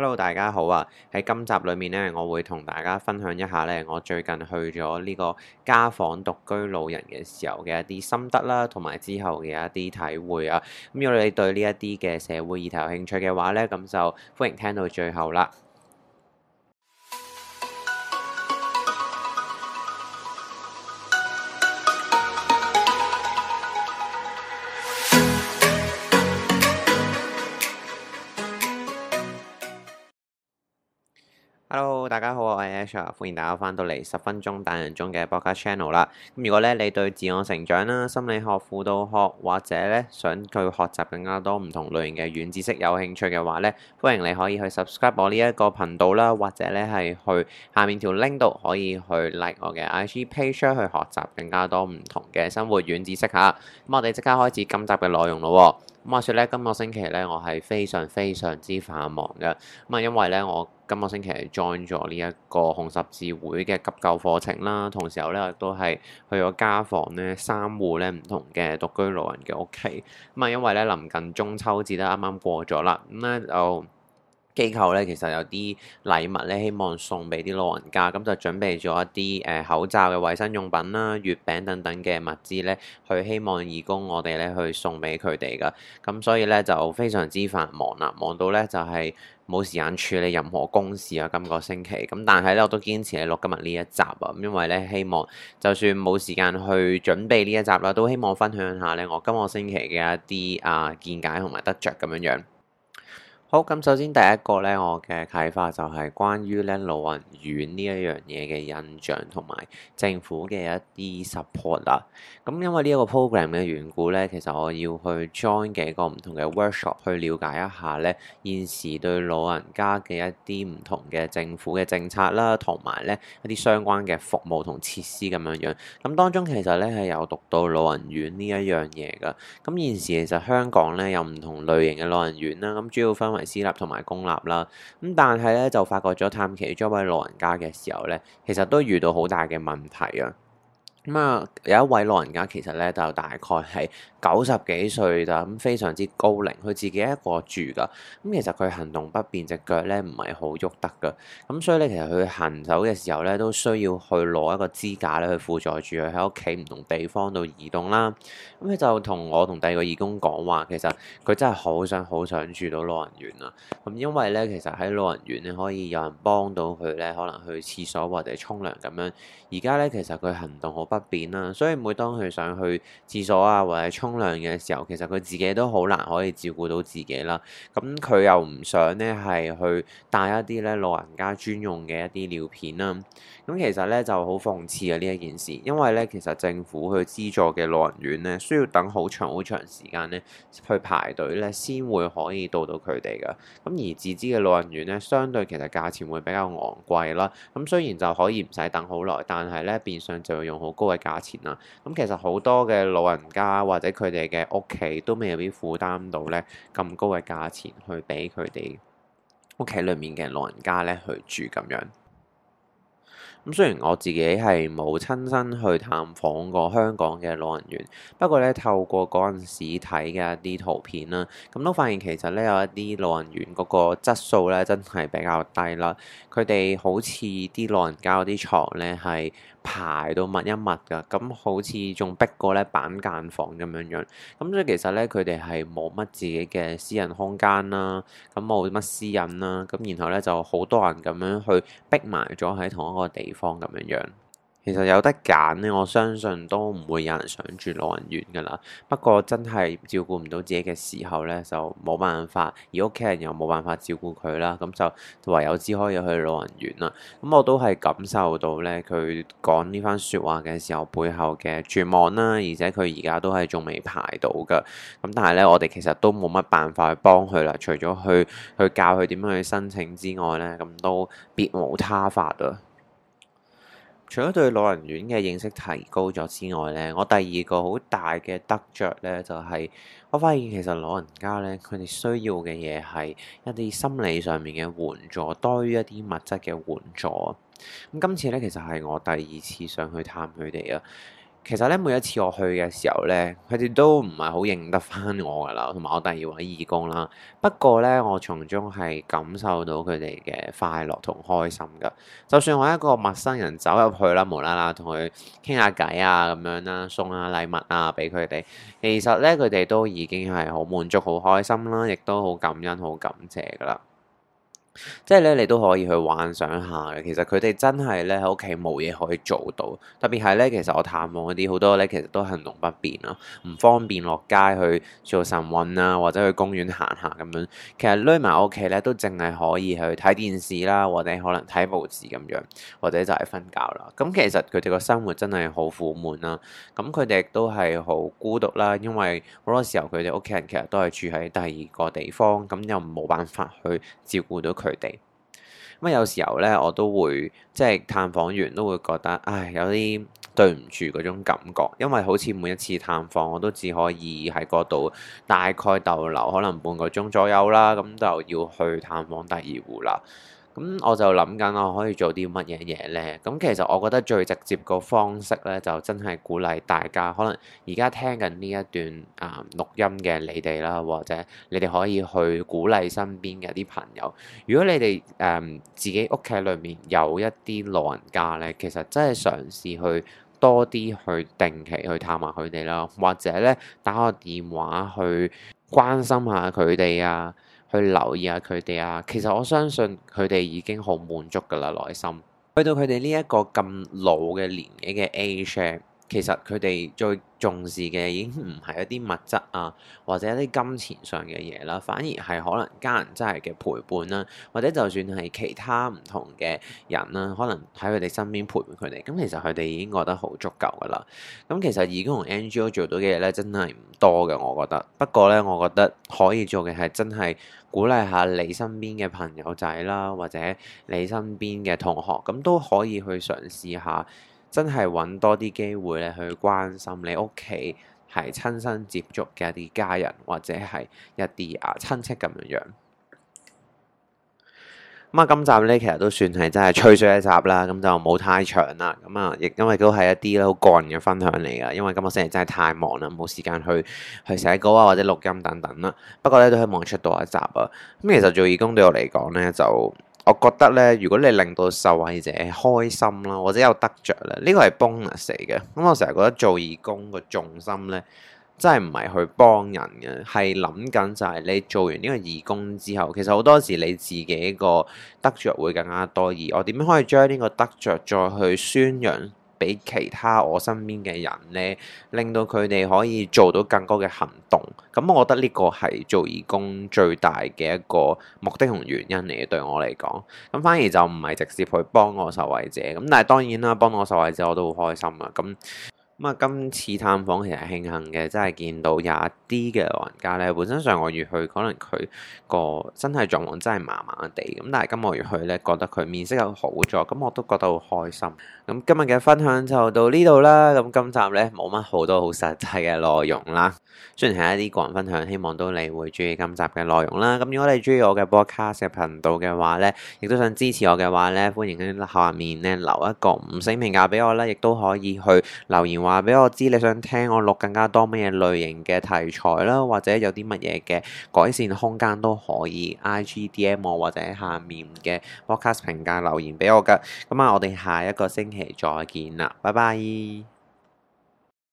Hello，大家好啊！喺今集裏面咧，我會同大家分享一下咧，我最近去咗呢個家訪獨居老人嘅時候嘅一啲心得啦，同埋之後嘅一啲體會啊。咁如果你對呢一啲嘅社會議題有興趣嘅話咧，咁就歡迎聽到最後啦。Hello，大家好，我係 Asha，歡迎大家翻到嚟十分鐘大人中嘅博客 channel 啦。咁如果咧你對自我成長啦、心理學、輔導學或者咧想去學習更加多唔同類型嘅軟知識有興趣嘅話咧，歡迎你可以去 subscribe 我呢一個頻道啦，或者咧係去下面條 link 度可以去 like 我嘅 IG page 去學習更加多唔同嘅生活軟知識吓。咁我哋即刻開始今集嘅內容咯。咁話說咧，今個星期咧我係非常非常之繁忙嘅，咁啊因為咧我。今個星期 join 咗呢一個紅十字會嘅急救課程啦，同時候咧，我都係去咗家訪咧三戶咧唔同嘅獨居老人嘅屋企。咁啊，因為咧臨近中秋節咧，啱啱過咗啦，咁咧就～機構咧其實有啲禮物咧，希望送俾啲老人家，咁就準備咗一啲誒口罩嘅衞生用品啦、月餅等等嘅物資咧，去希望義工我哋咧去送俾佢哋㗎。咁所以咧就非常之繁忙啦，忙到咧就係冇時間處理任何公事啊。今個星期咁，但係咧我都堅持係錄，錄今日呢一集啊，因為咧希望就算冇時間去準備呢一集啦，都希望分享下咧我今個星期嘅一啲啊見解同埋得着咁樣樣。好咁，首先第一個咧，我嘅啟發就係關於咧老人院呢一樣嘢嘅印象同埋政府嘅一啲 support 啦。咁因為呢一個 program 嘅緣故咧，其實我要去 join 幾個唔同嘅 workshop 去了解一下咧，現時對老人家嘅一啲唔同嘅政府嘅政策啦，同埋咧一啲相關嘅服務同設施咁樣樣，咁當中其實咧係有讀到老人院呢一樣嘢噶。咁現時其實香港咧有唔同類型嘅老人院啦，咁主要分為私立同埋公立啦，咁但係咧就發覺咗探其中一位老人家嘅時候咧，其實都遇到好大嘅問題啊。咁啊，有一位老人家其實咧就大概係九十幾歲咋，咁非常之高齡，佢自己一個住噶。咁其實佢行動不便，隻腳咧唔係好喐得噶。咁所以咧，其實佢行走嘅時候咧，都需要去攞一個支架咧去輔助住佢喺屋企唔同地方度移動啦。咁佢就同我同第二個義工講話，其實佢真係好想好想住到老人院啊。咁因為咧，其實喺老人院咧可以有人幫到佢咧，可能去廁所或者沖涼咁樣。而家咧其實佢行動好不便所以每當佢想去廁所啊，或者沖涼嘅時候，其實佢自己都好難可以照顧到自己啦。咁佢又唔想呢係去帶一啲咧老人家專用嘅一啲尿片啦。咁其實咧就好諷刺啊呢一件事，因為咧其實政府去資助嘅老人院咧，需要等好長好長時間咧去排隊咧，先會可以到到佢哋㗎。咁而自資嘅老人院咧，相對其實價錢會比較昂貴啦。咁雖然就可以唔使等好耐，但係咧變相就要用好。高嘅價錢啦，咁其實好多嘅老人家或者佢哋嘅屋企都未必負擔到咧咁高嘅價錢去俾佢哋屋企裏面嘅老人家咧去住咁樣。咁雖然我自己係冇親身去探訪過香港嘅老人院，不過咧透過嗰陣時睇嘅一啲圖片啦，咁都發現其實咧有一啲老人院嗰個質素咧真係比較低啦。佢哋好似啲老人家嗰啲床咧係，排到密一密㗎，咁好似仲逼過呢板間房咁樣樣，咁所以其實呢佢哋係冇乜自己嘅私人空間啦，咁冇乜私隱啦，咁然後呢就好多人咁樣去逼埋咗喺同一個地方咁樣樣。其實有得揀咧，我相信都唔會有人想住老人院噶啦。不過真係照顧唔到自己嘅時候咧，就冇辦法，而屋企人又冇辦法照顧佢啦，咁就唯有只可以去老人院啦。咁我都係感受到咧，佢講呢番說話嘅時候，背後嘅絕望啦，而且佢而家都係仲未排到噶。咁但係咧，我哋其實都冇乜辦法去幫佢啦，除咗去去教佢點樣去申請之外咧，咁都別無他法啊。除咗對老人院嘅認識提高咗之外咧，我第二個好大嘅得着咧，就係我發現其實老人家咧，佢哋需要嘅嘢係一啲心理上面嘅援助，多於一啲物質嘅援助。咁今次咧，其實係我第二次上去探佢哋啊。其實咧，每一次我去嘅時候咧，佢哋都唔係好認得返我㗎喇，同埋我第二位義工啦。不過咧，我從中係感受到佢哋嘅快樂同開心㗎。就算我一個陌生人走入去啦，無啦啦同佢傾下偈啊，咁樣啦，送下禮物啊俾佢哋，其實咧佢哋都已經係好滿足、好開心啦，亦都好感恩、好感謝㗎喇。即係咧，你都可以去幻想下嘅。其實佢哋真係咧喺屋企冇嘢可以做到，特別係咧，其實我探望嗰啲好多咧，其實都行動不便啊，唔方便落街去做晨運啊，或者去公園行下咁樣。其實匿埋屋企咧，都淨係可以去睇電視啦，或者可能睇報紙咁樣，或者就係瞓覺啦。咁其實佢哋個生活真係好苦悶啦。咁佢哋都係好孤獨啦，因為好多時候佢哋屋企人其實都係住喺第二個地方，咁又冇辦法去照顧到佢。佢哋，咁有時候咧，我都會即係探訪完都會覺得，唉，有啲對唔住嗰種感覺，因為好似每一次探訪我都只可以喺嗰度大概逗留，可能半個鐘左右啦，咁就要去探訪第二戶啦。咁我就諗緊我可以做啲乜嘢嘢呢？咁其實我覺得最直接個方式咧，就真係鼓勵大家，可能而家聽緊呢一段啊錄音嘅你哋啦，或者你哋可以去鼓勵身邊嘅啲朋友。如果你哋誒自己屋企裏面有一啲老人家呢，其實真係嘗試去多啲去定期去探下佢哋啦，或者呢打個電話去關心下佢哋啊。去留意下佢哋啊，其實我相信佢哋已經好滿足㗎啦，內心去到佢哋呢一個咁老嘅年紀嘅 age。其實佢哋最重視嘅已經唔係一啲物質啊，或者一啲金錢上嘅嘢啦，反而係可能家人真係嘅陪伴啦，或者就算係其他唔同嘅人啦，可能喺佢哋身邊陪伴佢哋，咁其實佢哋已經覺得好足夠噶啦。咁其實已經同 NGO 做到嘅嘢咧，真係唔多嘅，我覺得。不過咧，我覺得可以做嘅係真係鼓勵下你身邊嘅朋友仔啦，或者你身邊嘅同學，咁都可以去嘗試下。真係揾多啲機會咧，去關心你屋企係親身接觸嘅一啲家人，或者係一啲啊親戚咁樣樣。咁啊，今集呢，其實都算係真係吹水一集啦，咁就冇太長啦。咁啊，亦因為都係一啲好個人嘅分享嚟㗎，因為今個星期真係太忙啦，冇時間去去寫稿啊或者錄音等等啦。不過呢，都希望出多一集啊。咁其實做義工對我嚟講呢，就～我覺得咧，如果你令到受惠者開心啦，或者有得着咧，呢個係 bonus 嚟嘅。咁我成日覺得做義工個重心咧，真係唔係去幫人嘅，係諗緊就係你做完呢個義工之後，其實好多時你自己個得着會更加多。而我點樣可以將呢個得着再去宣揚俾其他我身邊嘅人呢，令到佢哋可以做到更多嘅行動。咁我覺得呢個係做義工最大嘅一個目的同原因嚟嘅，對我嚟講。咁反而就唔係直接去幫我受惠者。咁但係當然啦，幫我受惠者我都好開心啊。咁。咁啊，今次探訪其實慶幸嘅，真係見到有一啲嘅老人家咧，本身上個月去可能佢個身體狀況真係麻麻地，咁但係今個月去咧，覺得佢面色又好咗，咁我都覺得好開心。咁今日嘅分享就到呢度啦，咁今集咧冇乜好多好實際嘅內容啦。雖然係一啲個人分享，希望都你會鍾意今集嘅內容啦。咁如果你鍾意我嘅 Podcast 頻道嘅話咧，亦都想支持我嘅話咧，歡迎喺下面咧留一個五星評價俾我啦，亦都可以去留言。話俾我知你想聽我錄更加多乜嘢類型嘅題材啦，或者有啲乜嘢嘅改善空間都可以，I G D M 我或者下面嘅 Podcast 評價、留言俾我㗎。咁啊，我哋下一個星期再見啦，拜拜。